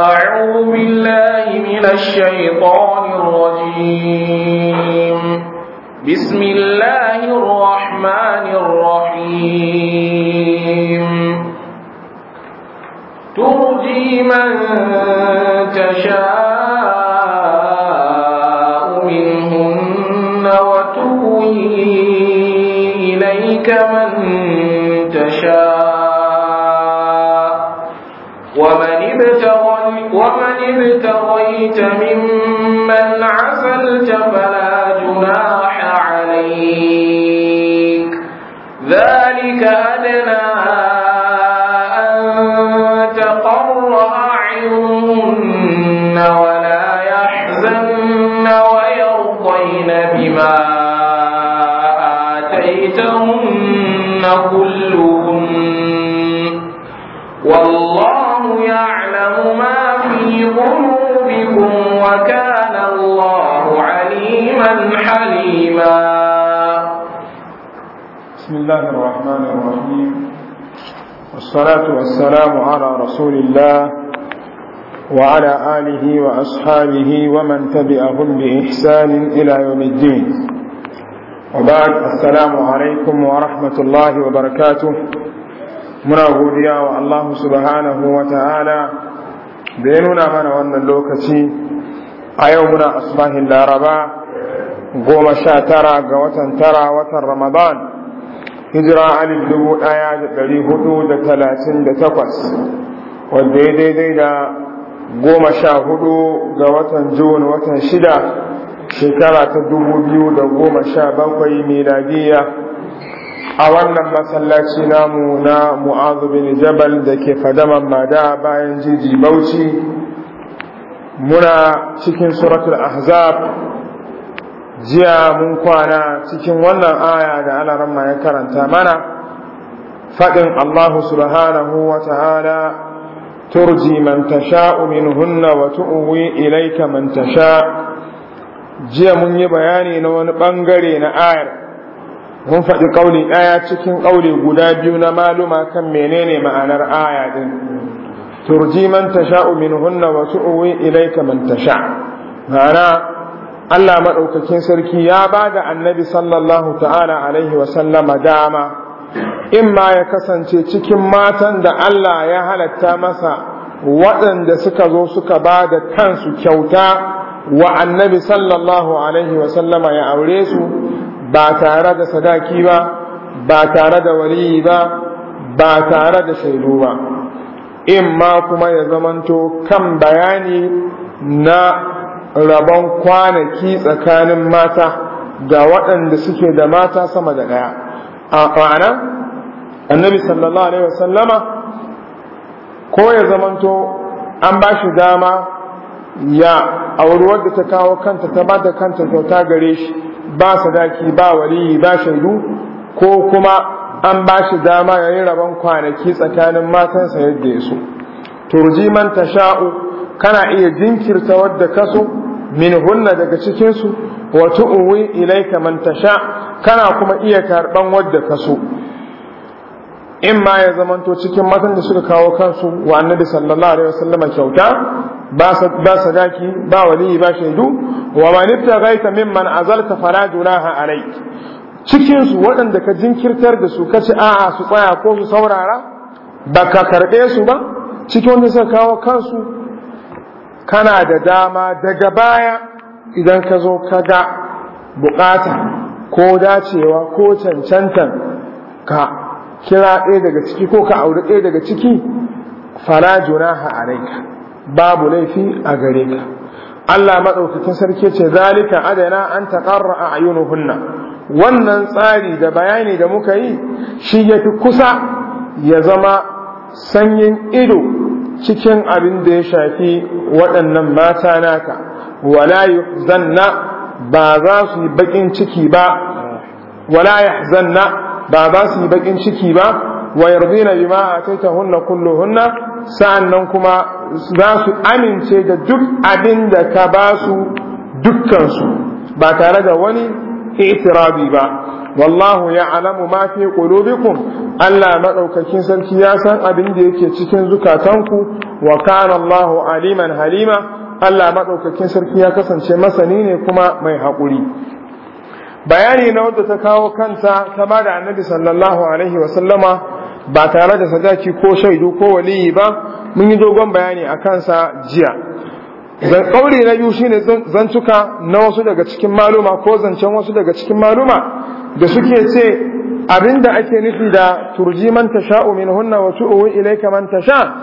أعوذ بالله من الشيطان الرجيم بسم الله الرحمن الرحيم ترجي من تشاء منهن وتوي إليك من تشاء ومن ابتغى ومن ابتغيت ممن عزلت فلا جناح عليك ذلك أدنى أن تقر أعينهن ولا يحزن ويرضين بما آتيتهن كلهن والله وكان الله عليما حليما بسم الله الرحمن الرحيم والصلاة والسلام على رسول الله وعلى آله وأصحابه ومن تبعهم بإحسان إلى يوم الدين وبعد السلام عليكم ورحمة الله وبركاته muna godiya wa Allah subhanahu wa ta'ala da ya nuna mana wannan lokaci a yau muna asibahin laraba goma sha tara ga watan tara watan ramadan hijira alif dubu ɗaya da ɗari hudu da talatin da takwas wadda ya daidai da goma sha hudu ga watan jun watan shida shekara ta dubu biyu da goma sha bakwai miladiya a wannan masallaci namu na mu'azu bin jabal da ke fadaman mada bayan jiji bauchi muna cikin suratul ahzab jiya mun kwana cikin wannan aya da alaran ya karanta mana faɗin Allah subhanahu wa ta'ala turji man tasha'u minhunna wa tu'wi ilayka man tasha jiya mun yi bayani na wani bangare na ayar mun faɗi ƙauli ɗaya cikin ƙauli guda biyu na maluma kan menene ma'anar aya din turji man hunna minhunna wa tu'wi ilayka man tasha ma'ana Allah madaukakin sarki ya bada annabi sallallahu ta'ala alaihi wa sallama dama in ma ya kasance cikin matan da Allah ya halatta masa waɗanda suka zo suka ba da kansu kyauta wa annabi sallallahu alaihi wa sallama ya aure su ba tare da sadaki ba ba tare da waliyi ba ba tare da shaidu ba in ma kuma ya zamanto kan bayani na rabon kwanaki tsakanin mata ga waɗanda suke da mata sama da ɗaya a ma'ana annabi sallallahu alaihi wasallama ko ya zamanto an ba shi dama ya auri wadda ta kawo kanta ta ba da kanta kyauta gare shi ba sadaki ba wali ba shaidu ko kuma an ba shi dama ya yi rabon kwanaki tsakanin matansa yadda ya so turji man ta sha'u kana iya jinkirta wadda ka so min hunna daga cikinsu wa tu'uwi ilaika man ta sha kana kuma iya karɓan wadda ka so in ma ya zamanto cikin matan da suka kawo kansu wa annabi sallallahu alaihi wasallam kyauta ba sa ba waliyi ba shaidu wa man ibtaghaita mimman azalta fala junaha alayk cikinsu waɗanda ka jinkirtar da su kace a'a su tsaya ko su saurara ba ka karɓe su ba cikin wanda suka kawo kansu kana da dama daga baya idan ka zo ka ga bukata ko dacewa ko cancantan ka kira ɗaya daga ciki ko ka auri ɗaya daga ciki fala junaha alaika babu laifi a gare ka Allah maɗaukakin sarki ce zalika adana an taƙarra a ayyunuhunna wannan tsari da bayani da muka yi shi yafi kusa ya zama sanyin ido cikin abin da ya shafi waɗannan mata naka wala yuhzanna ba za su yi baƙin ciki ba wala yahzanna ba za su yi baƙin ciki ba wa yardina bima ataitahunna hunna, sa'annan kuma za su amince da duk abin da ka ba su ba tare da wani i'tirabi ba wallahu alamu ma fi qulubikum Allah madaukakin sarki ya san abin da yake cikin zukatanku wa kana Allahu aliman halima Allah madaukakin sarki ya kasance masani ne kuma mai hakuri bayani na wanda ta kawo kanta ta ba da annabi sallallahu alaihi sallama ba tare da sadaki ko shaidu ko waliyi ba mun yi dogon bayani a kansa jiya ƙauri na biyu shine zantuka na wasu daga cikin maluma ko zancen wasu daga cikin maluma da suke ce abinda ake nufi da turji man tasha'u min hunna wa tu'u ilayka man sha.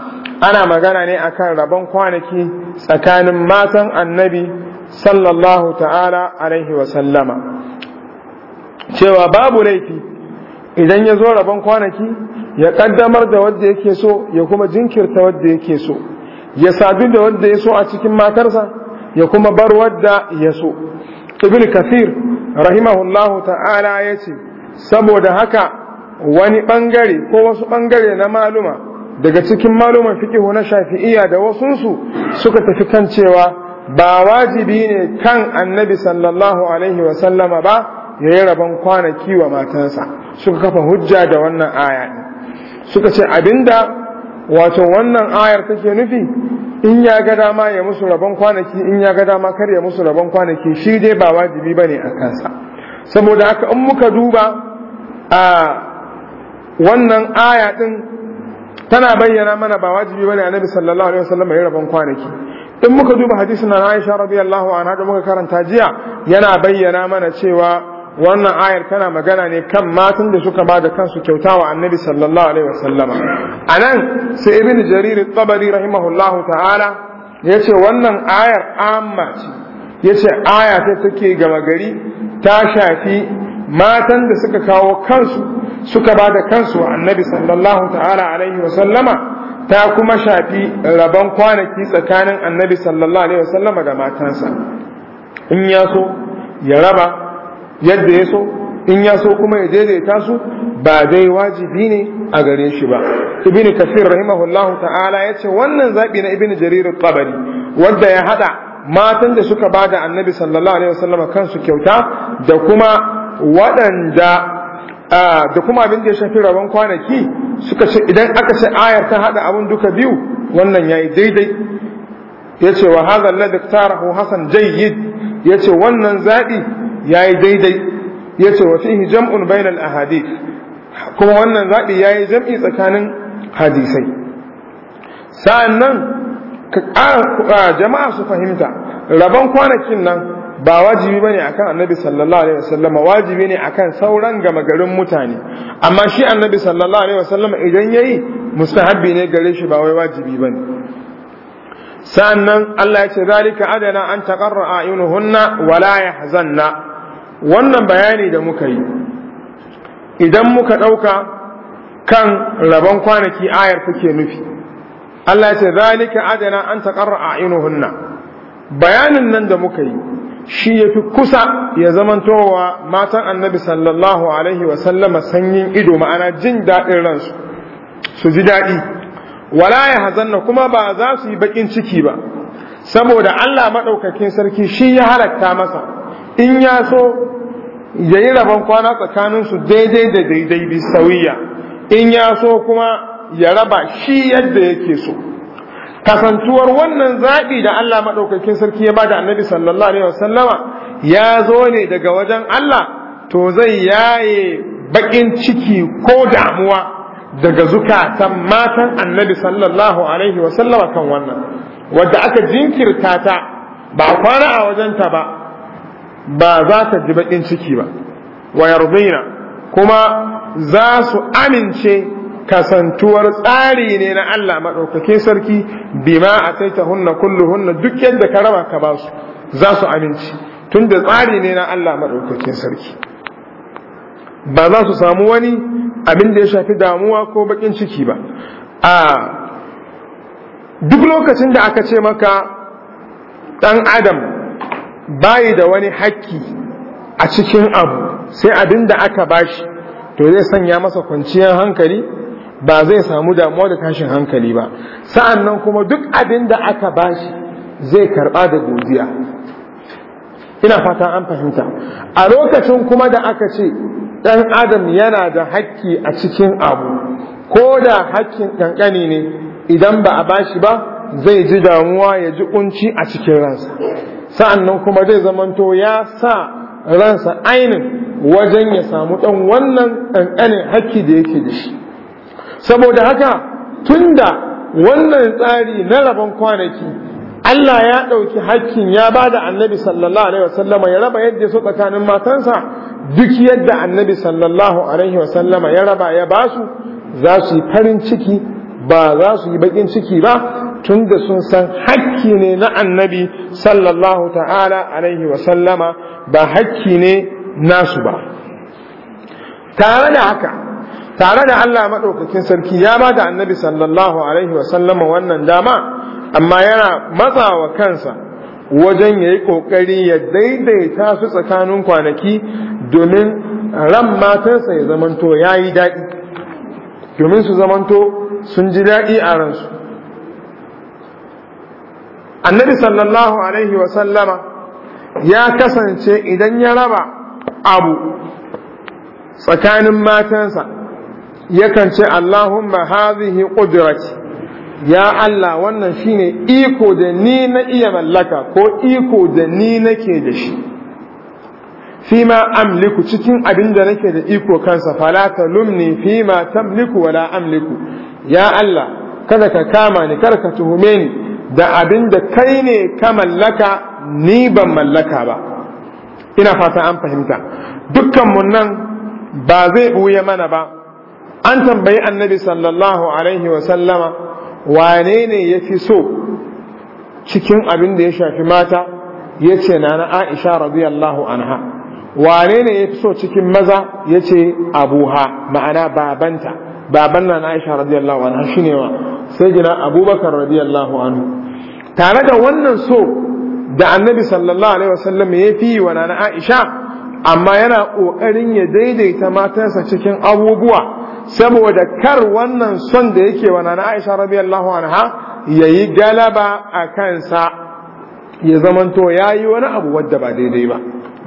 ana magana ne akan rabon kwanaki tsakanin matan annabi sallallahu ta'ala alaihi wa sallama cewa babu laifi idan ya zo rabon kwanaki ya kaddamar da wadda yake so ya kuma jinkirta wadda yake so ya sabi da wanda ya so a cikin matarsa ya kuma bar wadda ya so ibn kathir rahimahullahu ta'ala ya ce saboda haka wani bangare ko wasu bangare na maluma daga cikin maluman fikihu na shafi'iyya da wasunsu suka tafi kan cewa ba wajibi ne kan annabi sallallahu alaihi wasallama ba ya yi rabon kwanaki wa matansa suka kafa hujja da wannan aya suka ce abinda wato wannan ayar take nufi in ya ga dama ya musu rabon kwanaki in ya ga dama kar ya musu rabon kwanaki shi dai ba wajibi bane a kansa saboda haka in muka duba a wannan aya din tana bayyana mana ba wajibi bane annabi sallallahu alaihi wasallam ya rabon kwanaki in muka duba hadisin na Aisha radiyallahu anha da muka karanta jiya yana bayyana mana cewa wannan ayar tana magana ne kan matan da suka ba da kansu kyauta wa annabi sallallahu alaihi wasallama anan sai ibnu jarir tabari rahimahullahu ta'ala yace wannan ayar amma ce yace aya ta take gama gari ta shafi matan da suka kawo kansu suka bada kansu wa annabi sallallahu ta'ala alaihi wasallama ta kuma shafi rabon kwanaki tsakanin annabi sallallahu alaihi wasallama da matansa in ya so ya raba yadda ya so in ya so kuma ya daidaita su ba dai wajibi ne a gare shi ba ibini kasir rahimahullahu ta'ala ya ce wannan zaɓi na ibini jarir al wadda ya hada matan da suka ba da annabi sallallahu alaihi wasallam kansu kyauta da kuma waɗanda da kuma abin da ya shafi rabon kwanaki suka ce idan aka ce ayar ta haɗa abun duka biyu wannan ya yi daidai Ya ce wa hadha alladhi tarahu hasan jayyid ce wannan zaɓi. Ya yi daidai ce wa fihi jam'un bayna a ahadith kuma wannan ya yi jam'i tsakanin hadisai Sa'an nan jama'a su fahimta rabon kwanakin nan ba wajibi ba a akan annabi sallallahu alaihi wasallam wajibi ne akan sauran gama garin mutane amma shi annabi sallallahu alaihi wasallam idan ya yayi mustahabbi ne gare shi ba wai wajibi ba. Sa'an nan Allah ya ce zalika adana an taƙarra a yi nuhunna wala ya yahzanna wannan bayani da muka yi idan muka ɗauka kan rabon kwanaki ayar kuke nufi Allah ce zalika adana an taƙarra a ainihinna bayanin nan da muka yi shi ya fi kusa ya zamantowa matan annabi sallallahu alaihi wasallama sanyin ido ma'ana jin daɗin ransu su ji daɗi wala ya hazanna kuma ba za su yi baƙin ciki ba saboda Allah maɗaukakin sarki shi ya halatta masa in ya so ya yi rabon kwana tsakaninsu daidai da daidai sauya in ya so kuma ya raba shi yadda yake so kasantuwar wannan zaɓi da Allah maɗaukakin sarki ya ba da annabi sallallahu alaihi wasallama ya zo ne daga wajen Allah to zai yaye baƙin ciki ko damuwa daga zukatan matan annabi sallallahu alaihi wasallama kan wannan wadda aka jinkirta ta ba kwana a wajenta ba ba za ta ji bakin ciki ba wa yarzina kuma za su amince kasantuwar tsari ne na Allah maɗaukake sarki bima a taita hunna kullu hunna duk yadda ka raba ka ba su za su amince tun tsari ne na Allah maɗaukake sarki ba za su samu wani abin da ya shafi damuwa ko bakin ciki ba a duk lokacin da aka ce maka ɗan adam bayi da wani haƙƙi a cikin abu sai abin da aka bashi to zai sanya masa kwanciyar hankali ba zai samu damuwa da tashin hankali ba sa'an nan kuma duk abin da aka bashi zai karɓa da godiya ina fata an fahimta a lokacin kuma da aka ce ɗan adam yana da haƙƙi a cikin abu ko da haƙƙin ƙanƙani ne idan ba a bashi ba zai ji damuwa ya ji ƙunci a cikin ransa sa'annan kuma zai zamanto ya sa ransa ainin wajen ya samu ɗan wannan ƙanƙanin haƙƙi da yake da shi saboda haka tunda wannan tsari na rabon kwanaki Allah ya ɗauki hakkin ya ba da annabi sallallahu alaihi wasallama ya raba yadda so tsakanin matansa duk yadda annabi sallallahu alaihi wasallama ya raba ya ba su za su yi farin ciki ba za su yi baƙin ciki ba tun da sun san hakki ne na annabi sallallahu ta'ala alaihi wasallama ba hakki ne nasu ba tare da haka tare da Allah maɗaukakin sarki ya ba da annabi sallallahu alaihi wasallama wannan dama amma yana matsa wa kansa wajen ya yi ƙoƙari ya daidaita su tsakanin kwanaki domin ran matansa ya zamanto ya yi daɗi domin su zamanto sun ji daɗi a ransu annabi sallallahu alaihi wa sallama ya kasance idan ya raba abu tsakanin matansa yakan ce Allahumma hazihi qudrati ya Allah wannan shine iko da ni na iya mallaka ko iko da ni nake da shi fima amliku cikin abin da nake da iko kansa fala fi fima tamliku wala amliku ya Allah kada ka kama ni kada ka tuhume ni da abin da kai ne ka mallaka ni ban mallaka ba ina fata an fahimta dukkanmu nan ba zai buya mana ba an tambayi annabi sallallahu alaihi wasallama wane ne ya fi so cikin abin da ya shafi mata ya ce na na aisha radiyallahu anha wane ne ya fi so cikin maza ya ce abuha ma'ana babanta baban na na aisha radiyallahu anha ne wa sai jina abubakar radiyallahu anhu tare da wannan so da annabi sallallahu alaihi wasallam ya fi wa Nana aisha amma yana ƙoƙarin ya daidaita matansa cikin abubuwa saboda kar wannan son da yake wa Nana aisha radiyallahu anha ya yi galaba a kansa ya zamanto ya yi wani abu wadda ba daidai ba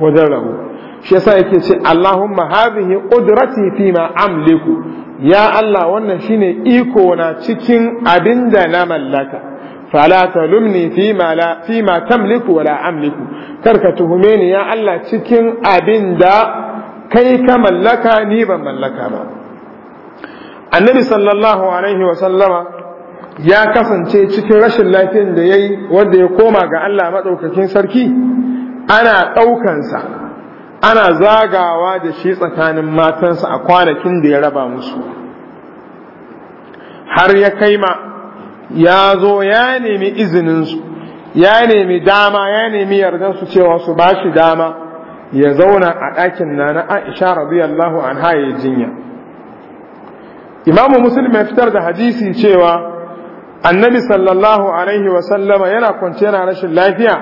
wajen rabu shi yasa yake ce Allahumma hadhihi qudrati fi ma amliku ya Allah wannan shine iko na cikin abin da na mallaka fala talumni fi ma la fi ma tamliku wala amliku karka tuhume ni ya Allah cikin abin da kai ka mallaka ni ban mallaka ba annabi sallallahu alaihi wa sallama ya kasance cikin rashin lafiyar da yayi wanda ya koma ga Allah madaukakin sarki ana ɗaukansa ana zagawa da shi tsakanin matansa a kwanakin da ya raba musu har ya kai ma ya zo ya nemi izininsu ya nemi dama ya nemi yardansu cewa su ba shi dama ya zauna a ɗakin na na aisha radiyallahu an haye jinya imamu muslim ya fitar da hadisi cewa annabi sallallahu alaihi wasallama yana kwance yana rashin lafiya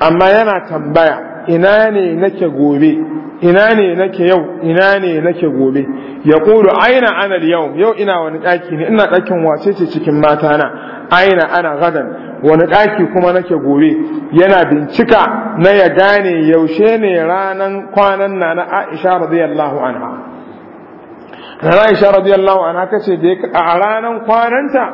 amma yana tambaya ina ne nake gobe ina ne nake yau ina ne nake gobe ya kulu aina ana yau yau ina wani daki ne ina dakin wace ce cikin mata na aina ana gadan wani daki kuma nake gobe yana bincika na ya gane yaushe ne ranan kwanan na na Aisha radiyallahu anha Rana Aisha radiyallahu anha kace da a ranan kwananta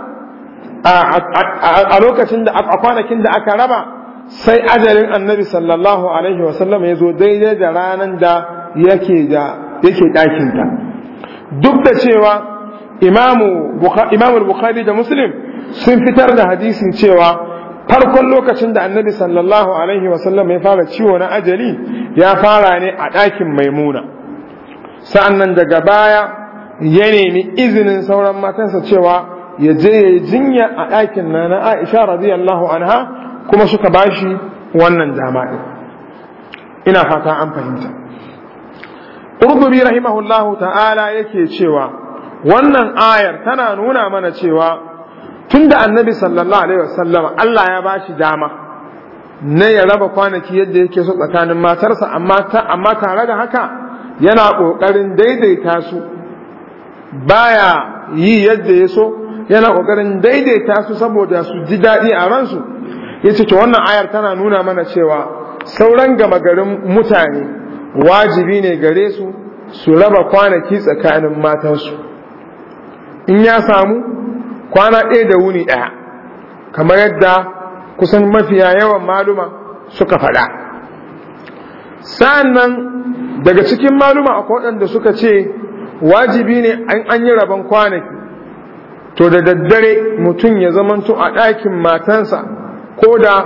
a lokacin da a kwanakin da aka raba sai ajalin annabi sallallahu alaihi wasallam ya zo daidai da ranar da yake ɗakinta duk da cewa imamu bukhari da muslim sun fitar da hadisin cewa farkon lokacin da annabi sallallahu alaihi wasallam ya fara ciwo na ajali ya fara ne a ɗakin maimuna sa'an nan daga baya ya nemi izinin sauran matansa cewa ya je jinya a ɗakin na na aisha radiyallahu anha kuma suka bashi wannan jama’i ina fata an fahimta ƙurgumi rahimahullahu ta'ala yake cewa wannan ayar tana nuna mana cewa tunda annabi sallallahu alaihi wasallam Allah ya bashi dama na ya raba kwanaki yadda yake so tsakanin matarsa amma tare da haka yana ƙoƙarin daidaita su baya yi yadda ya so yana ƙoƙarin daidaita su saboda su ji daɗi a ransu yace to wannan ayar tana nuna mana cewa sauran gama garin mutane wajibi ne gare su su raba kwanaki tsakanin matansu in ya samu kwana ɗaya da wuni ɗaya kamar yadda kusan mafiya yawan maluma suka faɗa sa'an daga cikin maluma akwai waɗanda suka ce wajibi ne an yi raban kwanaki to da daddare mutum ya zamanto a ɗakin matansa ko da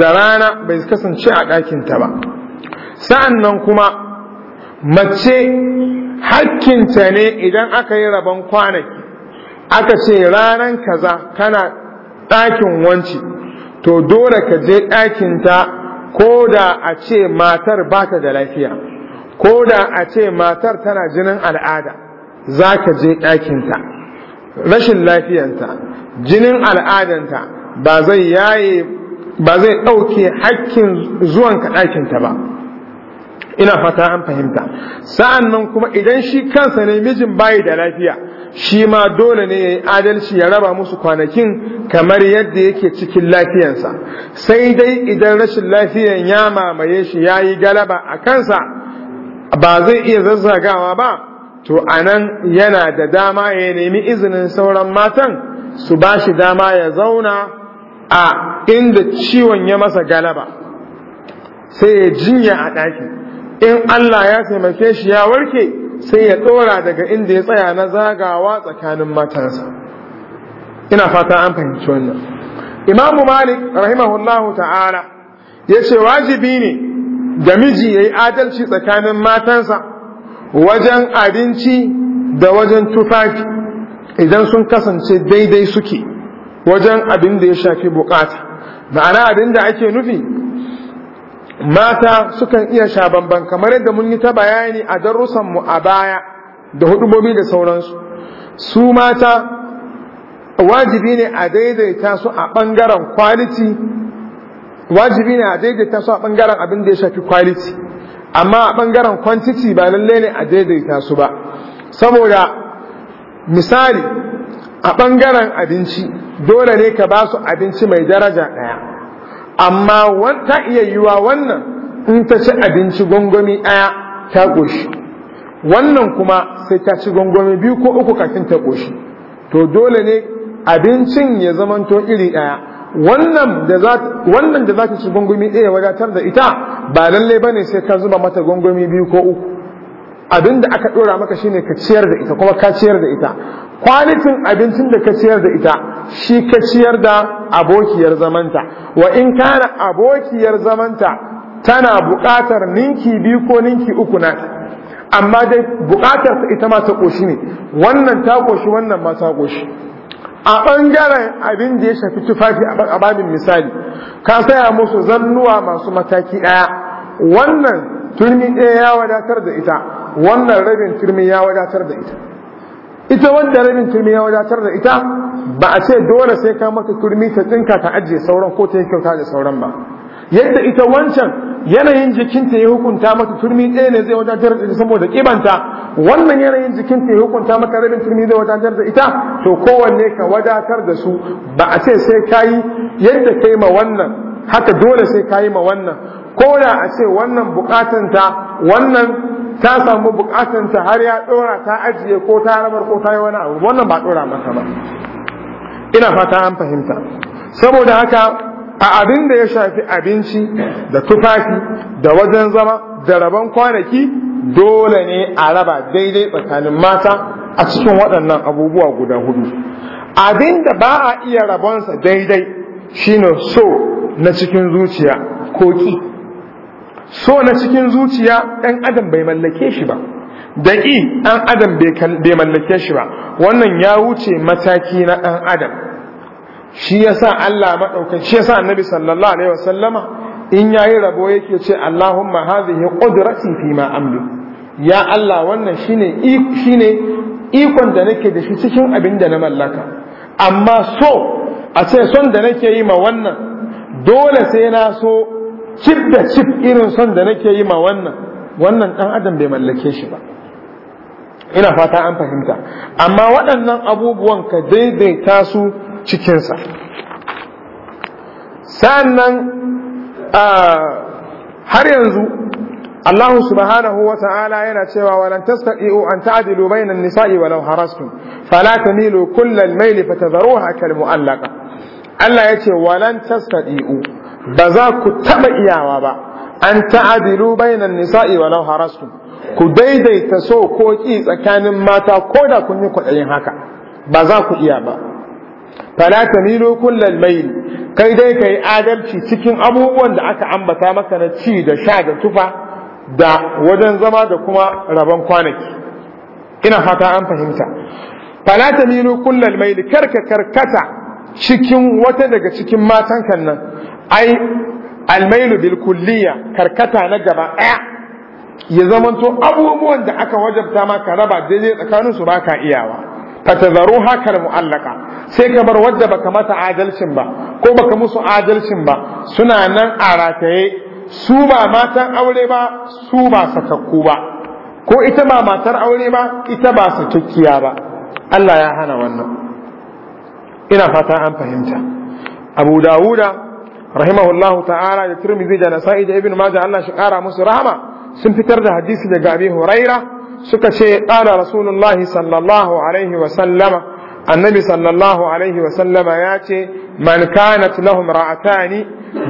da rana bai kasance a ɗakinta ba sa'an nan kuma mace hakkinta ne idan aka yi rabon kwanaki aka ce ranar kaza kana ɗakin wanci to dole ka je ɗakinta ko da a ce matar ba ta da lafiya ko da a ce matar tana jinin al'ada za ka je ɗakinta rashin lafiyanta jinin al'adanta ba zai yaye ba zai ɗauke hakkin zuwan ka ɗakinta ba ina fata an fahimta sa'an nan kuma idan shi kansa ne mijin bayi da lafiya shi ma dole ne ya adalci ya raba musu kwanakin kamar yadda yake cikin lafiyansa sai dai idan rashin lafiyan ya mamaye shi ya yi galaba a kansa ba zai iya zazzagawa ba to anan yana da dama ya nemi izinin sauran matan su ba shi dama ya zauna a inda ciwon ya masa galaba sai ya jinya a ɗaki in Allah ya taimake shi ya warke sai ya ɗora daga inda ya tsaya na zagawa tsakanin matansa ina fata an fahimci wannan imamu malik rahimahullahu ta'ala ya ce wajibi ne da miji ya yi adalci tsakanin matansa wajen abinci da wajen tufafi idan sun kasance daidai suke wajen abin da ya shafi bukata ma'ana abin da ake nufi mata sukan iya sha bamban kamar yadda mun yi ta bayani a darussan mu a baya da hudumomi da sauransu su mata wajibi ne a daidaita su a bangaren quality wajibi ne a daidaita su a bangaren abin da ya shafi quality amma a bangaren quantity ba lalle ne a daidaita su ba saboda misali a bangaren abinci dole ne ka ba su abinci mai daraja ɗaya amma ta iya yiwa wannan in ta ci abinci gwangwami ɗaya ta ƙoshi wannan kuma sai ta ci gwangwami biyu ko uku kafin ta ƙoshi to dole ne abincin ya zamanto iri ɗaya wannan da za ta ci gwangwami ɗaya wadatar da ita ba lallai ba ne sai ka zuba mata gwangwami biyu ko uku abin da aka ɗora maka shine ka ciyar da ita kuma ka ciyar da ita kwalitin abincin da ka ciyar da ita shi ka ciyar da abokiyar zamanta wa in kana abokiyar zamanta tana buƙatar ninki biyu ko ninki uku na? amma dai buƙatar ita ma ta ƙoshi ne wannan ta ƙoshi wannan ma ta ƙoshi a ɓangaren abin da ya shafi tufafi a babin misali ka saya musu zannuwa masu mataki ɗaya wannan turmi ɗaya ya wadatar da ita wannan rabin turmi ya wadatar da ita ita wanda rabin turmi ya wadatar da ita ba a ce dole sai ka maka turmi ta tsinka ta ajiye sauran ko ta yi kyauta da sauran ba yadda ita wancan yanayin jikinta ya hukunta mata turmi ɗaya ne zai wadatar da ita saboda kibanta wannan yanayin jikinta ya hukunta maka rabin turmi zai wadatar da ita to kowanne ka wadatar da su ba a ce sai ka yi yadda ka yi ma wannan haka dole sai ka yi ma wannan ko da a ce wannan bukatanta wannan ta samu bukatanta har ya ɗora ta ajiye ko ta rabar ko ta yi wani abu wannan ba ɗora maka ba ina fata an fahimta saboda haka a abin da ya shafi abinci da tufafi da wajen zama da rabon kwanaki dole ne a raba daidai tsakanin mata a cikin waɗannan abubuwa guda hudu abin da ba a iya rabonsa daidai shine so na cikin zuciya ko ki. so na cikin zuciya ɗan adam bai mallake shi ba Da i ɗan adam bai mallake shi ba wannan ya wuce mataki na ɗan adam shi ya sa Allah maɗaukan shi ya sa annabi sallallahu alaihi wasallama in ya yi rabo yake ce Allahumma hazihi qudrati fi ma amli ya Allah wannan shine shine ikon da nake da shi cikin abin da na mallaka amma so a ce son da nake yi ma wannan dole sai na so cif da cif irin son da nake yi ma wannan wannan ɗan adam bai mallake shi ba ina fata an fahimta amma waɗannan abubuwan ka daidaita su cikinsa Sannan har yanzu Allah subhanahu wa ta'ala yana cewa walan tastati'u an ta'dilu bainan nisa'i walau harastum fala tamilu kullal mayli fatadharuha kal mu'allaqa Allah ce, walan tastati'u ba za ku taɓa iyawa ba an ta'adilu bainan nisa'i walau harastu ku daidaita so ko ƙi tsakanin mata ko da kun yi kwaɗayin haka ba za ku iya ba fala tamilu kullal mail kai dai kai adalci cikin abubuwan da aka ambata maka na ci da sha da tufa da wajen zama da kuma rabon kwanaki ina fata an fahimta fala tamilu kullal mail karka karkata cikin wata daga cikin matan kan nan ai almailu bil kulliya karkata na gaba ɗaya ya zamanto abubuwan da aka wajabta ma ka raba daidai tsakanin su baka iyawa fatazaru hakar mu'allaka sai ka bar wadda baka mata adalcin ba ko baka musu adalcin ba suna nan a rataye su ba matan aure ba su ba sakakku ba ko ita ba matar aure ba ita ba sakakkiya ba Allah ya hana wannan ina fata an fahimta Abu Dawuda rahimahullahu ta'ala da Tirmidhi da Nasa'i da Ibn Majah Allah shi kara musu rahama sun fitar da hadisi daga Abi Huraira suka ce qala Rasulullahi sallallahu alaihi wa sallama annabi sallallahu alaihi wa sallama ya ce man kanat lahum ra'atani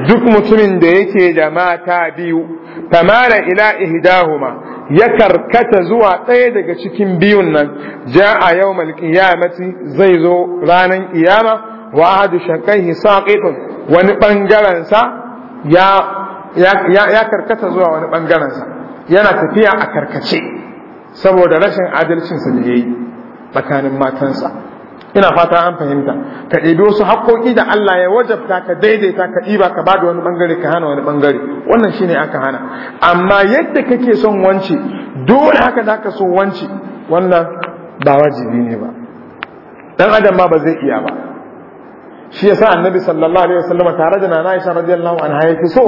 duk mutumin da yake da mata biyu famala ila ihdahuma ya karkata zuwa ɗaya daga cikin biyun nan ja'a yawmal qiyamati zai zo ranar iyama wa ahadu shaqaihi wani ɓangarensa ya karkata zuwa wani ɓangarensa yana tafiya a karkace saboda rashin adalcinsa da ya yi tsakanin matansa ina fata an fahimta ka ɗebi wasu haƙoƙi da Allah ya wajabta ka daidaita ka ɗiba ka bada wani ɓangare ka hana wani ɓangare wannan shine aka hana amma yadda kake son wance dole haka za ka so wance wannan ba wajibi ne ba dan adam ma ba zai iya ba shi yasa annabi sallallahu alaihi wasallam tare da nana Aisha radiyallahu anha yake so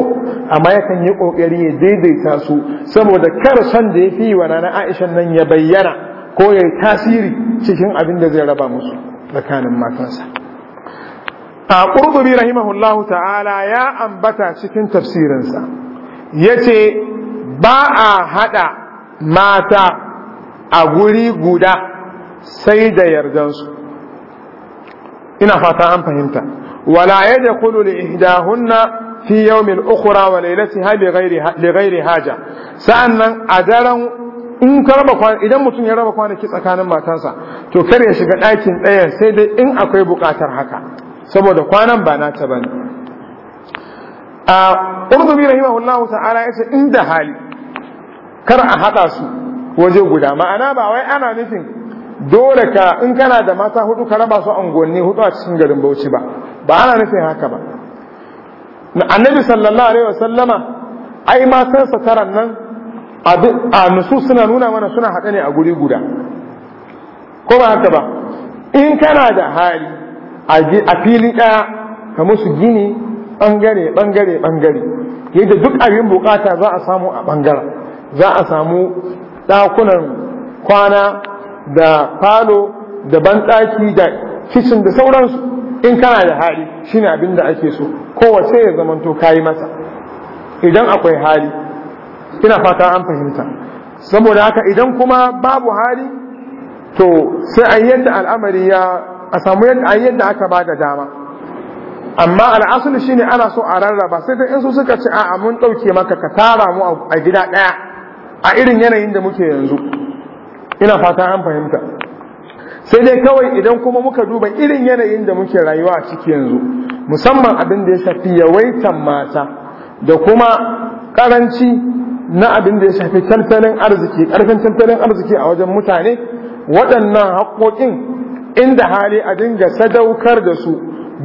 amma yakan yi kokari ya daidaita su saboda kar san da yafi wa nana Aisha nan ya bayyana ko ya tasiri cikin abin da zai raba musu tsakanin matansa a qurtubi rahimahullahu ta'ala ya ambata cikin tafsirinsa yace ba a hada mata a guri guda sai da yardansu ina fata an fahimta wala yadkhulu li ihdahunna fi yawmin ukhra wa laylatiha bi ghairi li ghairi haja sa'annan a daren in ka kwana idan mutum ya raba kwanaki tsakanin matansa to kar ya shiga ɗakin ɗayan sai dai in akwai buƙatar haka saboda kwanan ba na ta bane a urdubi rahimahullahu ta'ala yace inda hali kar a haɗa su waje guda ma'ana ba wai ana nufin dole ka in kana da mata hudu ka raba su unguwanni hudu a cikin garin Bauchi ba ba ana nufin haka ba annabi sallallahu alaihi wasallama ai matan sa taran nan a nusu suna nuna mana suna haɗe ne a guri guda ko ba haka ba in kana da hali a fili ɗaya ka musu gini bangare bangare bangare yadda duk abin bukata za a samu a ɓangaren za a samu ɗakunan kwana da falo da banɗaki da kicin da sauransu in kana da hali ne abin da ake so kowace ya zamanto kayi masa idan akwai hali ina fata an fahimta saboda haka idan kuma babu hali to sai an yadda al'amari ya a samu yadda aka ba da dama amma al'asali ne ana so a rarraba sai dai in su suka ci, a mun ɗauke maka ka tara mu a gida ɗaya a irin yanayin da muke yanzu ina fata an fahimta sai dai kawai idan kuma muka duba irin yanayin da muke rayuwa a ciki yanzu musamman abin da ya shafi yawaitan mata da kuma karanci na abin da ya shafi tattalin arziki karfin tattalin arziki a wajen mutane waɗannan haƙoƙin inda hali a dinga sadaukar da su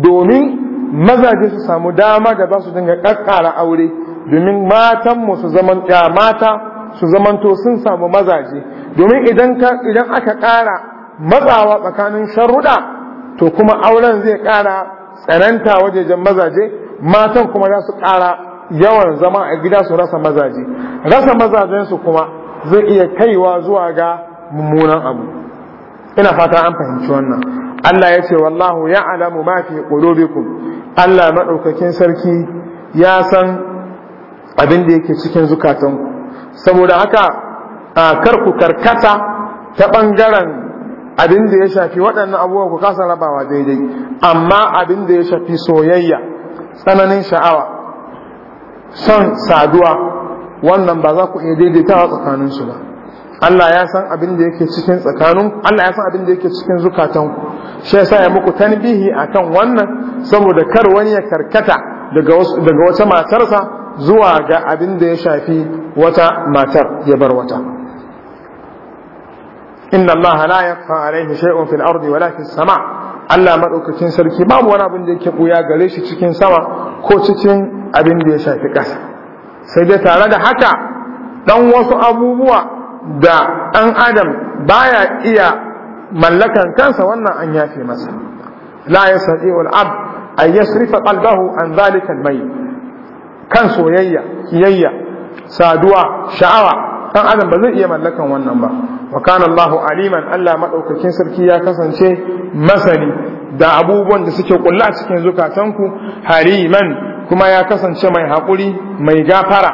domin mazaje su samu dama da za su dinga ƙarƙara aure domin matanmu su zaman mata su zamanto sun samu mazaje domin idan aka ƙara matsawa tsakanin sharuɗa to kuma auren zai ƙara tsananta wajejen mazaje matan kuma za su ƙara yawan zama a gida su rasa mazaje rasa mazajensu kuma zai iya kaiwa zuwa ga mummunan abu ina fata an fahimci wannan Allah ya ce wallahu alamu ma fi qulubikum Allah madaukakin sarki ya san abin da yake cikin zukatanku saboda haka kar ku karkata ta ɓangaren abin da ya shafi waɗannan abubuwa ku kasa rabawa daidai amma abin da ya shafi soyayya tsananin sha'awa son saduwa wannan ba za ku iya daidaitawa tsakaninsu ba Allah ya san abin da yake cikin tsakanin Allah ya san abin da yake cikin zukatanku shi yasa ya muku tanbihi akan wannan saboda kar wani ya karkata daga daga wata matarsa zuwa ga abin da ya shafi wata matar ya bar wata inna Allah la yakfa alaihi shay'un fil ardi wala fis sama Allah madaukakin sarki babu wani abin da yake buya gare shi cikin sama ko cikin abin da ya shafi ƙasa sai dai tare da haka dan wasu abubuwa da ɗan adam baya iya mallakan kansa wannan an yafe masa la yasri'u al-abd an yasrifa qalbahu an dhalika al-mayyit kan soyayya kiyayya saduwa sha'awa dan adam ba zai iya mallakan wannan ba wa kana Allahu aliman Allah madaukakin sarki ya kasance masani da abubuwan da suke kulla a cikin zukatanku hariman kuma ya kasance mai hakuri mai gafara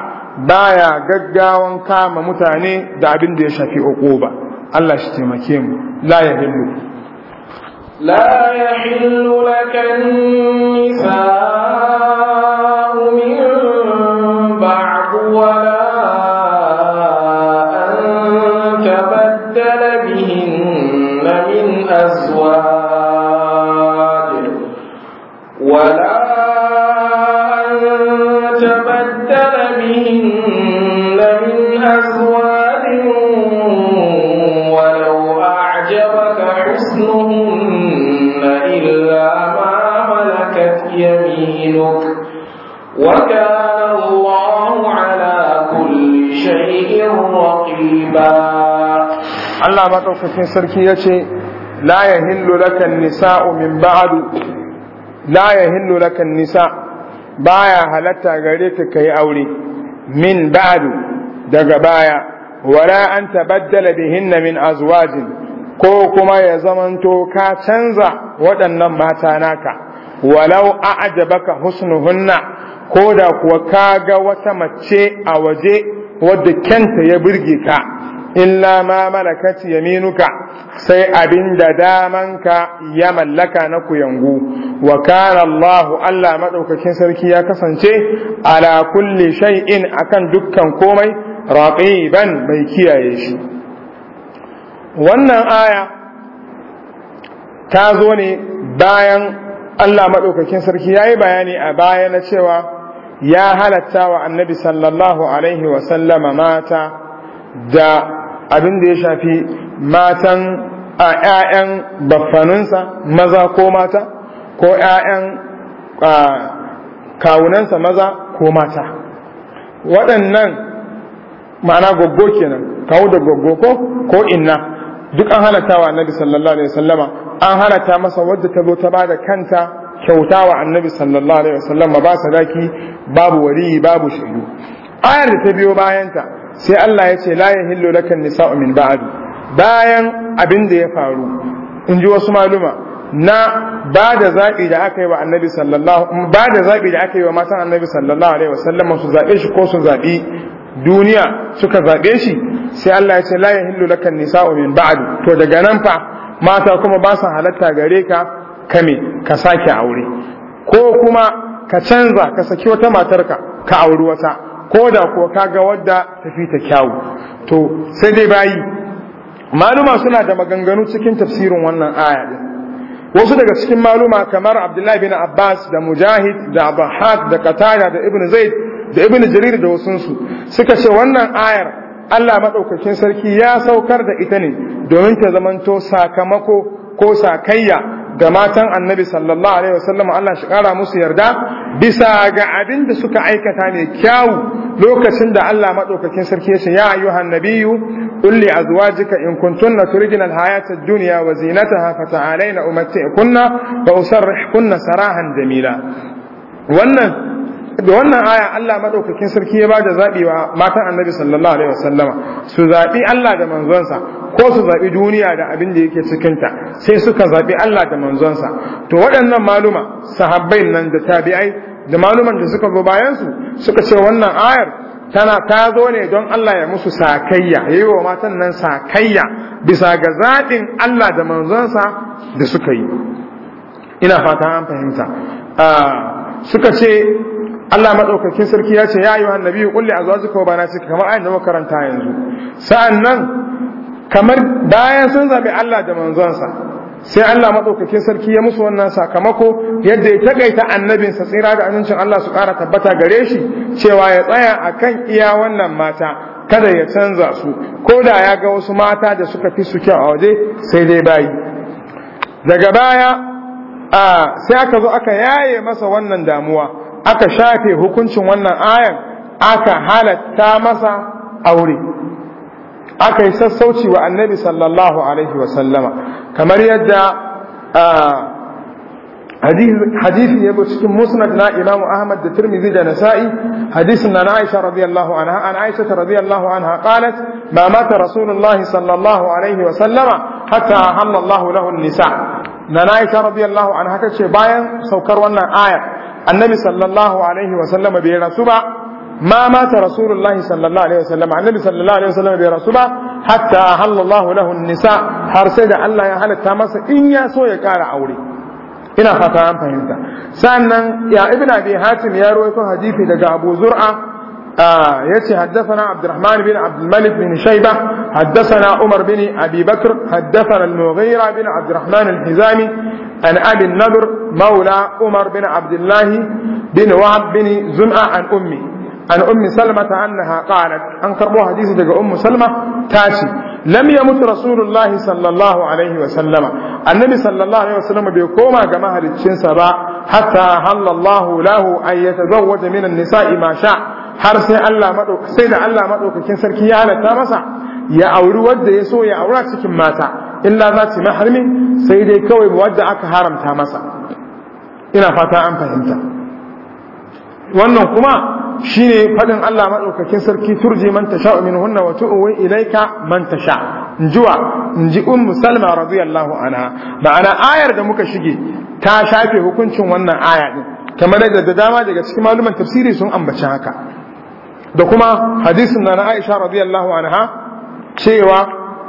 baya gaggawan kama mutane da abin da ya shafi uquba Allah shi taimake mu la yahillu la yahillu lakan nisa madaukakin sarki yace la yahillu lakan nisa'u min ba'du la yahillu lakan nisa baya halatta gare ka kai aure min ba'adu, daga baya wala an tabaddala bihinna min azwajin ko kuma ya zamanto ka canza waɗannan mata naka walau a'jabaka husnuhunna ko da kuwa ka ga wata mace a waje wadda kenta ya burge ka illa ma malakat yaminuka sai abin da damanka ya mallaka na kuyangu wa kana Allahu Allah madaukakin sarki ya kasance ala kulli shay'in akan dukkan komai raqiban mai kiyaye shi wannan aya ta zo ne bayan Allah madaukakin sarki yayi bayani a baya na cewa ya halatta wa annabi sallallahu alaihi wa sallama mata da abin da ya shafi matan a ‘ya'yan baffaninsa maza ko mata ko ‘ya'yan kawunansa maza ko mata waɗannan ma'ana goggo kenan kawo da goggo ko ko inna duk an halatta wa annabi sallallahu alaihi wasallama an halatta masa wadda ta zo ta bada kanta kyauta wa annabi sallallahu alaihi wasallama ba sadaki babu wari babu shiru. ayar da ta biyo bayanta sai Allah ya ce la yahillu laka nisa'u min ba'd bayan abin da ya faru in ji wasu maluma na ba da zaɓi da aka yi wa annabi sallallahu ba da zaɓi da aka yi wa matan annabi sallallahu alaihi wasallam su zaɓe shi ko su zaɓi duniya suka zaɓe shi sai Allah ya ce la yahillu laka nisa'u min ba'd to daga nan fa mata kuma ba su halatta gare ka kame ka sake aure ko kuma ka canza ka saki wata matarka ka auri wata ko da ko ga wadda tafi ta kyawu to sai dai bayi maluma suna da maganganu cikin tafsirin wannan aya din wasu daga cikin maluma kamar Abdullahi bin Abbas da Mujahid da Abahak da Qatada da ibnu Zaid da ibnu Jarir da wasunsu suka ce wannan ayar Allah madaukakin sarki ya saukar da ita ne domin ta zamanto sakamako ko sakayya ga matan annabi sallallahu alaihi wasallam Allah shi kara musu yarda bisa ga abin da suka aikata mai kyawu lokacin da Allah madaukakin sarki ya ce ya ayyuhan nabiyyu qul li azwajika in kuntunna turidna alhayata ad-dunya wa zinataha fata'alaina kunna wa usarrihkunna sarahan jamila wannan da wannan aya Allah madaukakin sarki ya ba da zaɓi wa matan annabi sallallahu alaihi wasallama su zaɓi Allah da manzonsa ko su zaɓi duniya da abin da yake cikinta sai suka zaɓi Allah da manzonsa to waɗannan maluma sahabbai nan da tabi'ai da maluman da suka bayan su suka ce wannan ayar tana ta zo ne don Allah ya musu sakayya yayi wa matan nan sakayya bisa ga zaɓin Allah da manzonsa da suka yi ina fata an fahimta ah, suka ce Allah madaukakin sarki ya ce ya yi wa nabi kulli azwajuka wa banatika kamar ayin da muka karanta yanzu sa'annan kamar bayan sun zabi Allah da manzonsa sai Allah madaukakin sarki ya musu wannan sakamako yadda ya takaita annabin sa tsira da amincin Allah su ƙara tabbata gare shi cewa ya tsaya akan iya wannan mata kada ya canza su ko da ya ga wasu mata da suka fi su kyau a waje sai dai bayi daga baya sai aka zo aka yaye masa wannan damuwa aka shafe hukuncin wannan ayan aka halatta masa aure aka yi sassauci wa annabi sallallahu alaihi wasallama kamar yadda hadisi ya cikin musnad na imamu ahmad da tirmidhi da nasa'i hadisin na aisha radiyallahu anha an aisha radiyallahu anha qalat ma mata rasulullahi sallallahu alaihi wasallama hatta halallahu lahu nisa na aisha radiyallahu anha tace bayan saukar wannan aya annabi sallallahu alaihi wa sallam bai rasu ba ma mata rasulullahi sallallahu alaihi wa sallam annabi sallallahu alaihi wa sallam bai rasu ba hatta halallahu lahu nisa har sai da Allah ya halatta masa in ya so ya kara aure ina fata an fahimta sannan ya ibn abi hatim ya rawaito hadisi daga abu zur'a آه يتي حدثنا عبد الرحمن بن عبد الملك بن شيبة حدثنا عمر بن أبي بكر حدثنا المغيرة بن عبد الرحمن الحزامي عن أبي النضر مولى عمر بن عبد الله بن وعب بن زمعة عن أمي عن أم سلمة أنها قالت أنكر بها حديث أم سلمة تاتي لم يمت رسول الله صلى الله عليه وسلم النبي صلى الله عليه وسلم بيقوم كما هل حتى هل الله له أن يتزوج من النساء ما شاء har sai Allah madauka sai da Allah madaukakin sarki ya halatta masa ya auri wanda ya so ya aura cikin mata illa za ci maharmin sai dai kawai wanda aka haramta masa ina fata an fahimta wannan kuma shine fadin Allah madaukakin sarki turji man tasha'u hunna wa tu'wi ilayka man tasha injuwa inji ummu salma radiyallahu anha ma'ana ayar da muka shige ta shafe hukuncin wannan aya din kamar da dama daga cikin maluman tafsiri sun ambaci haka da kuma hadisin na na Aisha radiyallahu anha cewa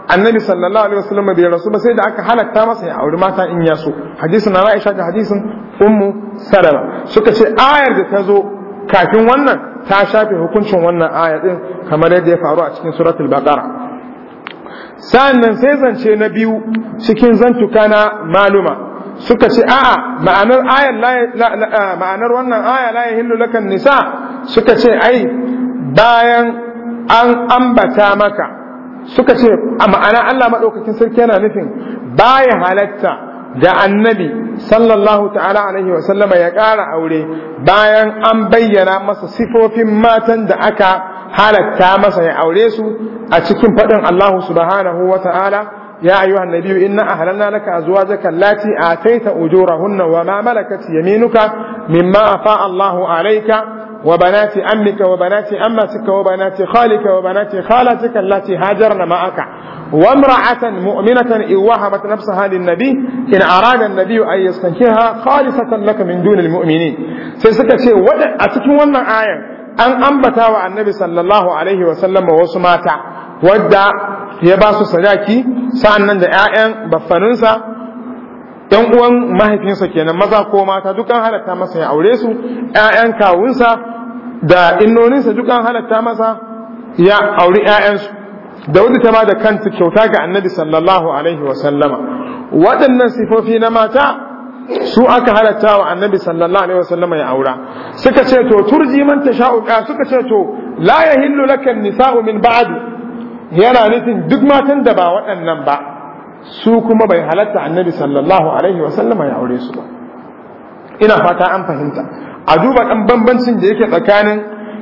annabi sallallahu alaihi wasallam bai rasu ba sai da aka halatta masa ya auri mata in ya so hadisin na Aisha da hadisin ummu salama suka ce ayar da ta zo kafin wannan ta shafe hukuncin wannan aya din kamar yadda ya faru a cikin suratul baqara sannan sai zance na biyu cikin zantuka na maluma suka ce a'a ma'anar ayar ma'anar wannan aya la yahillu lakan nisa suka ce ai bayan an ambata maka suka ce a ma'ana Allah maɗaukakin sarki yana nufin baya halatta da annabi sallallahu ta'ala alaihi wa sallama ya ƙara aure bayan an bayyana masa sifofin matan da aka halatta masa ya aure su a cikin faɗin Allah subhanahu wa ta'ala يا أيها النبي إن أهلنا لك أزواجك التي آتيت أجورهن وما ملكت يمينك مما أفاء Allahu عليك وبنات عمك وبنات أمتك وبنات خالك وبنات خالتك التي هاجرن معك وامرأة مؤمنة إن وهبت نفسها للنبي إن أراد النبي أن يستنكرها خالصة لك من دون المؤمنين سيسكت وجه أتكون آية an ambata wa annabi sallallahu alaihi wasallama wasu mata wadda ya ba su sadaki sa'an nan da ‘ya'yan baffaninsa yan uwan mahaifinsa kenan maza ko mata duk an halatta masa ya aure su ƴaƴan kawunsa da innoninsa duk an halatta masa ya auri ƴaƴansu da wadda ta ba da kanta kyauta ga annabi sallallahu alaihi wa sallama waɗannan sifofi na mata su aka halatta wa annabi sallallahu alaihi wasallama ya aura suka ce to turji man tasha'u ka suka ce to la yahillu laka nisa'u min ba'd yana nufin duk matan da ba waɗannan ba su kuma bai halatta annabi sallallahu alaihi wasallama ya aure su ba ina fata an fahimta a duba ɗan bambancin da yake tsakanin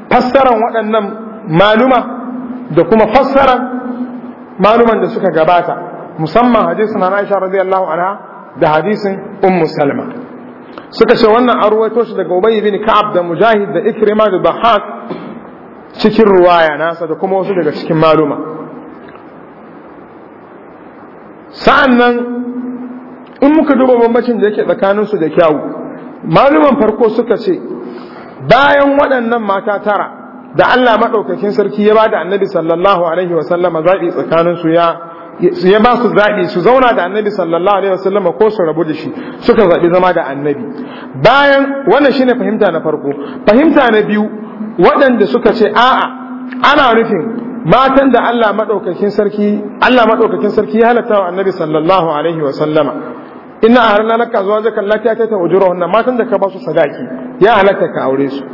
fassaran waɗannan maluma da kuma fassaran maluman da suka gabata musamman hadisin na Aisha radiyallahu anha da hadisin Ummu Salma suka ce wannan an ruwaito shi daga Ubay bin Ka'ab da Mujahid da Ikrima da Bahak cikin ruwaya nasa da kuma wasu daga cikin maluma sa'an nan in muka duba bambacin da yake tsakaninsu da kyawu maluman farko suka ce bayan waɗannan mata tara da Allah maɗaukakin sarki ya ba da annabi sallallahu alaihi wasallama zaɓi tsakaninsu ya ya ba su zaɓi su zauna da annabi sallallahu alaihi wasallama ko su rabu da shi suka zaɓi zama da annabi bayan wannan shine fahimta na farko fahimta na biyu waɗanda suka ce a'a ana rufin. matan da Allah madaukakin sarki Allah madaukakin sarki ya halatta wa annabi sallallahu alaihi wa sallama inna aharna laka zuwa zaka lati ta ta matan da ka ba su sadaki ya halatta ka aure su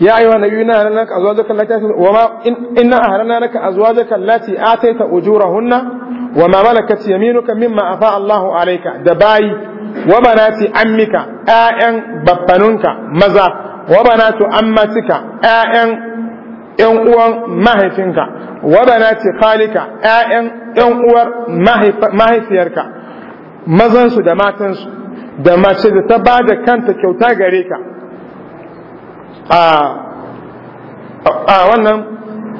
يا أيها النبي إن أهلناك أزواجك التي وما إن أهلناك أزواجك التي آتيت أجورهن وما ملكت يمينك مما أفاء الله عليك دباي وبنات عمك آئن بطنك مزا وبنات أمتك آئن ‘yan uwan mahaifinka, waɗana ce kalika ‘ya'yan ‘yan uwar mahaifiyarka, mazansu da matansu, da mace da ta ba da kanta kyauta gare ka. A wannan,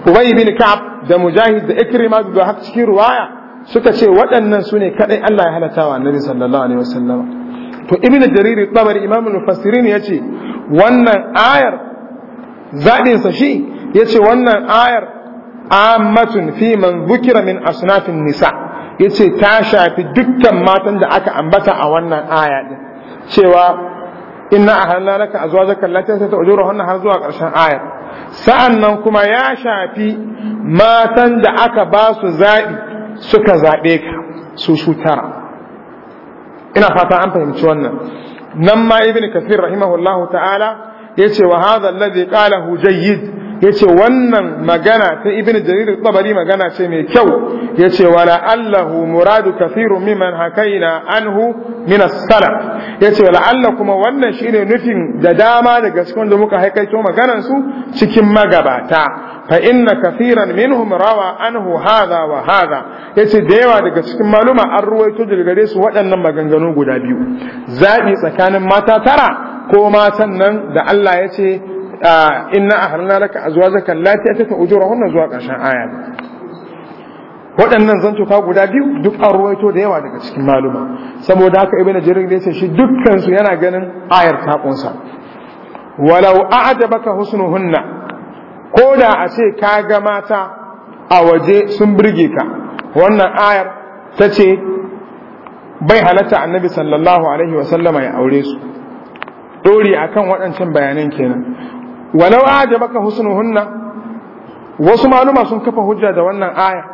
Ubayi bin Ka'ab da Mujahid da Ikrima da haka cikin ruwaya suka ce waɗannan su ne kaɗai Allah ya halatta wa annabi sallallahu alaihi wasallam. To Ibn Jariri Tabari Imam Mufassirin ya ce wannan ayar zaɓinsa shi yace wannan ayar ammatun fi man dhukira min asnafin nisa yace ta shafi dukkan matan da aka ambata a wannan aya din cewa inna ahalna laka azwajaka allati tatujurahunna har zuwa ƙarshen ayar sa'annan kuma ya shafi matan da aka ba su zabi suka zabe ka su su tara ina fata an fahimci wannan nan ma ibn kathir rahimahullahu ta'ala yace wa hadha alladhi qalahu jayyid Ya ce wannan magana ta ibini jarir tsabari magana ce mai kyau Ya ce wa la'allahu muradu kathirun kaina, hakaina anhu minas salaf ce wa la'alla kuma wannan shine nufin da dama daga cikin da muka haikaito maganar su cikin magabata fa inna kafiran minhum rawa anhu hadha wa hadha yace da yawa daga cikin maluma an ruwaito daga gare su waɗannan maganganu guda biyu zabi tsakanin mata tara ko matan nan da Allah yace inna aharna laka azwajaka allati ataka ujurahunna zuwa karshen aya waɗannan zantuka guda biyu duk an ruwaito da yawa daga cikin maluma saboda haka ibnu jarir ya ce shi dukkan su yana ganin ayar ta kunsa walau a'jabaka husnuhunna ko da a ce ka ga mata a waje sun burge ka wannan ayar ta ce bai halatta annabi sallallahu alaihi wasallama ya aure su dori akan waɗancan bayanan kenan walau ajabaka husnuhunna wasu maluma sun kafa hujja da wannan aya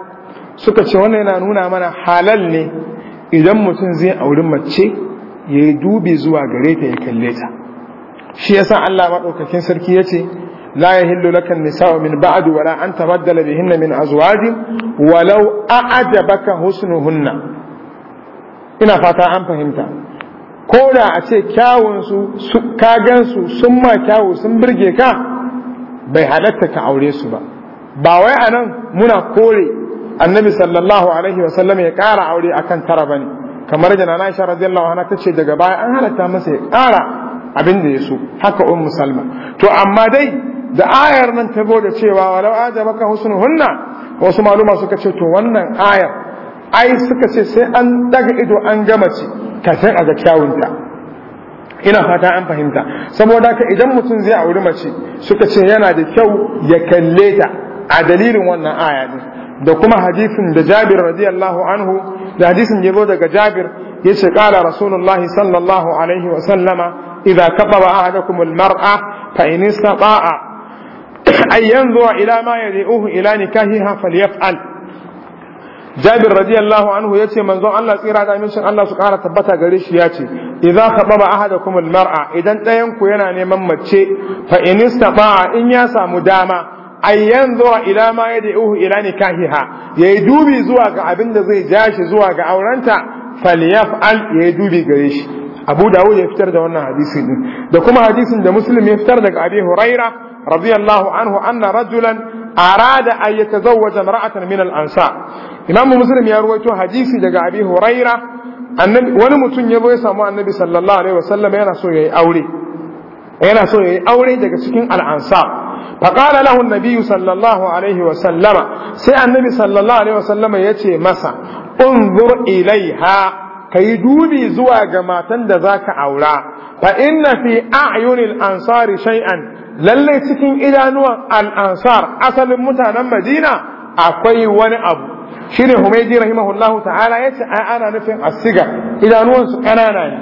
suka ce wannan yana nuna mana halal ne idan mutum zai auri mace ya yi dubi zuwa gare ta ya kalle ta shi yasa Allah maɗaukakin sarki ya ce لا lakan nisa'a min من بعد ولا أن تبدل بهن min أزواج ولو أعجبك hunna ina fata an fahimta. ko da a ce kyawunsu ka gansu sun ma kyawu sun birge ka bai halatta ka aure su ba ba wai a nan muna kore annabi sallallahu alaihi wasallam ya kara aure a kan tara ba ne. kamar jana na Aisha radiyallahu anha tace daga baya an halatta masa ya kara abin da ya so haka ummu salma to amma dai da ayar nan ta bude cewa walau ajabaka husnuhunna wasu maluma suka ce to wannan ayar ai suka ce sai an daga ido an gama ci kafin a ga kyawunta ina fata an fahimta saboda ka idan mutum zai auri mace suka ce yana da kyau ya kalle ta a dalilin wannan aya da kuma hadisin da Jabir radiyallahu anhu da hadisin ya zo daga Jabir yace qala rasulullahi sallallahu alaihi wa sallama idza kabara ahadakum almar'a fa in istata'a ay yanzura ila ma yad'uhu ila nikahiha falyaf'al jabir radiyallahu anhu yace manzon Allah tsira da amincin Allah su kara tabbata gare shi yace idza kababa ahadakum almar'a idan ɗayan ku yana neman mace fa in in ya samu dama ay yanzura ila ma yad'uhu ila nikahiha yayi dubi zuwa ga abin da zai ja shi zuwa ga aurenta falyaf'al yayi dubi gare shi Abu Dawud ya fitar da wannan hadisi din da kuma hadisin da Muslim ya fitar daga Abi Huraira radiyallahu anhu anna rajulan Ara da ayyata zau wajen ra'atar min al'ansa imam muslim ya ruwaito hadisi daga abi huraira wani mutum ya boye samu annabi sallallahu alaihi wasallam yana so yayi aure aure daga cikin al'ansa faqala lahu an-nabiy sallallahu alaihi wasallam sai annabi sallallahu alaihi wasallam ya ce masa unzur ilaiha kai dubi zuwa ga matan da zaka aura fa inna fi a'yunil ansari shay'an Lallai cikin idanuwan al-ansar asalin mutanen madina akwai wani abu shine humaydi rahimahullahu ta'ala yace ai ana nufin asiga idanuwan su kanana ne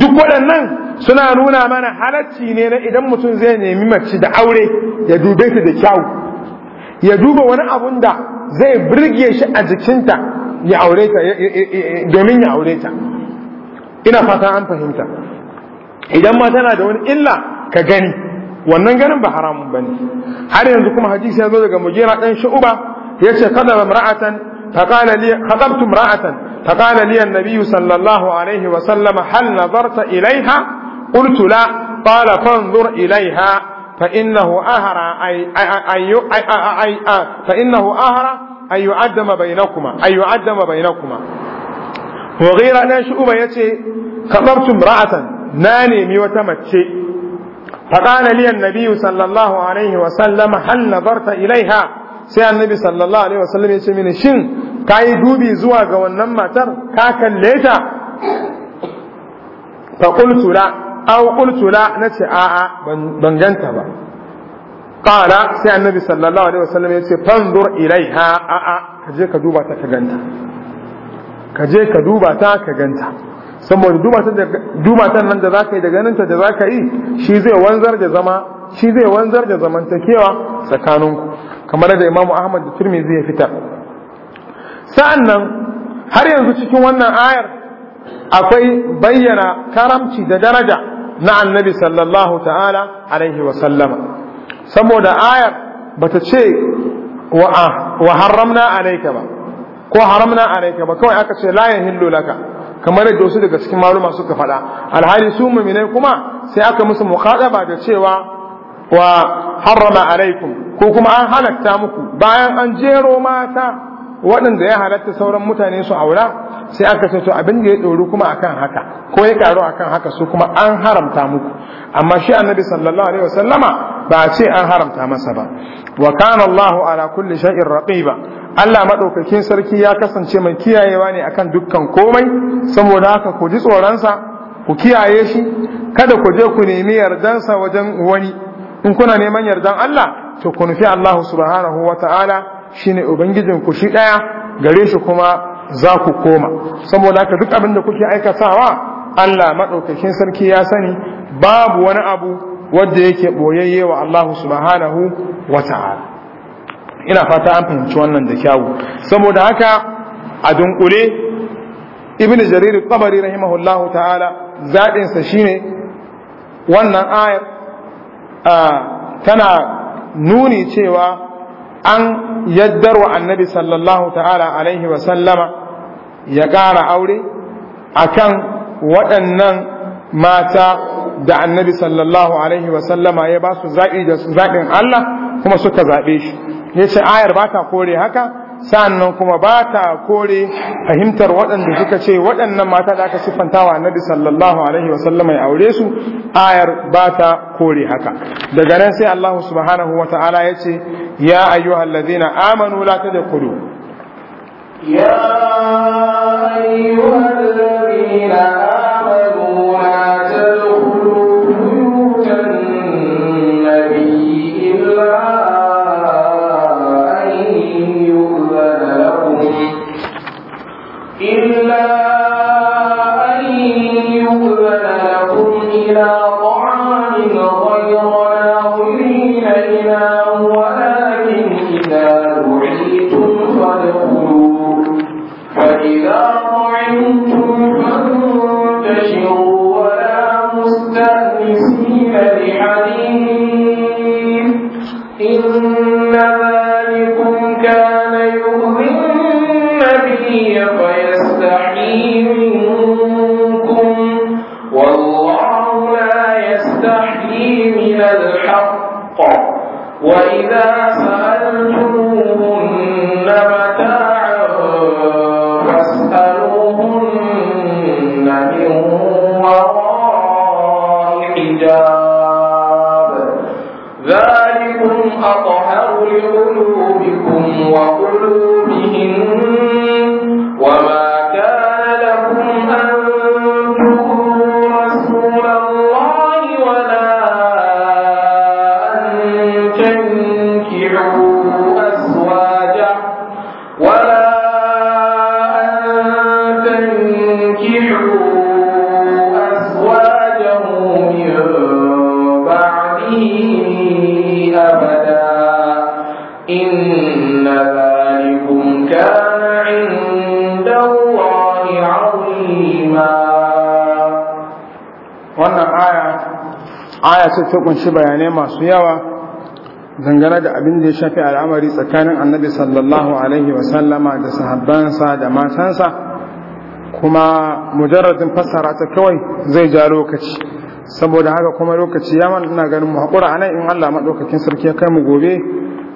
duk waɗannan suna nuna mana halarci ne na idan mutum zai nemi mace da aure ya dube ta da kyau ya duba wani abun da zai birge shi a jikinta ya aure ta domin ya aure ta ina fata an fahimta idan ma tana da wani illa ka gani wannan ganin ba haramun bane har yanzu kuma hadisi ya zo daga mujira dan shu'ba yace qadama mar'atan faqala li khadabtu mar'atan faqala sallallahu alaihi wa sallam hal nadarta ilaiha qultu la qala fanzur a, fa innahu ahara ay ay fa innahu ahara ay yu'addama bainakuma ay yu'addama bainakuma wa ghayra an shu'ba yace khadabtu mar'atan na nemi wata mace فقال لي النبي صلى الله عليه وسلم هل نظرت إليها sai annabi sallallahu alaihi wasallam ya ce mini shin ka yi dubi zuwa ga wannan matar ka kalleta. ta fa qultu la aw qultu la nace a'a ban ganta ba qala sai annabi sallallahu alaihi wasallam ya ce fanzur ilaiha a'a ka je ka duba ta ka ganta ka ka duba ta ka ganta saboda dumatan nan da za ka yi da nan da za ka yi shi zai wanzar da zama shi zai wanzar da zamantakewa tsakaninku kamar da imamu ahmad da turmi zai fitar sa'an nan har yanzu cikin wannan ayar akwai bayyana karamci da daraja na annabi sallallahu ta'ala alaihi wa saboda ayar ba ta ce wa haramna alaika ba ko haramna alaika ba kawai aka ce la yahillu laka kamar da wasu daga cikin maluma suka faɗa alhali su mu'minai kuma sai aka musu muqadaba da cewa wa harrama alaikum ko kuma an halatta muku bayan an jero mata waɗanda ya halatta sauran mutane su aura sai aka ce to abin da ya ɗoru kuma akan haka ko ya karu akan haka su kuma an haramta muku amma shi annabi sallallahu alaihi wasallama ba a ce an haramta masa ba wa kana Allahu ala kulli shay'in raqiba Allah madaukakin sarki ya kasance mai kiyayewa ne akan dukkan komai saboda haka ku ji tsoronsa ku kiyaye shi kada ku je ku nemi yardansa wajen wani in kuna neman yardan Allah to kun fi Allah subhanahu wa shine ubangijin ku shi daya gare shi kuma za ku koma saboda haka duk abin da kuke aikatawa Allah maɗaukakin sarki ya sani babu wani abu wanda yake boyayye wa Allah subhanahu wa ta'ala ina fata an fahimci wannan da kyawu saboda haka a dunkule ibn jarir tabari rahimahullah ta'ala zaɗinsa sa shine wannan ayar ah, tana nuni cewa an yaddar wa annabi sallallahu ta'ala alaihi wa sallama ya ƙara aure A kan waɗannan mata da annabi sallallahu alaihi wa sallama ya ba su zaɓi da zaɓin Allah kuma suka zaɓe shi ya ce ayar ba ta kore haka sa'annan kuma ba ta kore fahimtar waɗanda suka ce waɗannan mata da aka siffantawa annabi sallallahu alaihi wa ya aure su ayar ba ta kore haka daga nan sai Allah subhanahu wa ta'ala ya ce ya ayyuhal ladina amanu la tadkhulu ya ayyuhal ladina amanu la إِلَّا أطهر لقلوبكم وقلوبهن ce ta kunshi bayanai masu yawa dangane da abin da ya shafi al'amari tsakanin annabi sallallahu alaihi wasallama da sahabbansa da matansa kuma mujarradin fassara ta kawai zai ja lokaci saboda haka kuma lokaci ya ina ganin mu haƙura anan in allah maɗaukakin sarki ya kai mu gobe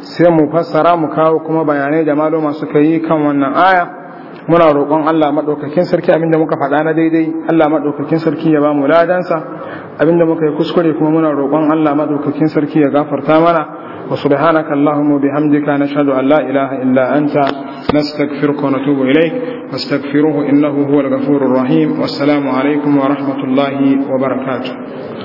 sai mu fassara mu kawo kuma bayanai da maloma suka yi kan wannan aya muna roƙon Allah maɗaukakin sarki abinda muka faɗa na daidai Allah maɗaukakin sarki ya ba mu ladansa abinda muka yi kuskure kuma muna roƙon Allah maɗaukakin sarki ya gafarta mana wa subhanaka allahumma bihamdika nashhadu an la ilaha illa anta nastaghfiruka wa natubu ilaik wastaghfiruhu innahu huwal ghafurur rahim wassalamu alaikum wa rahmatullahi wa barakatuh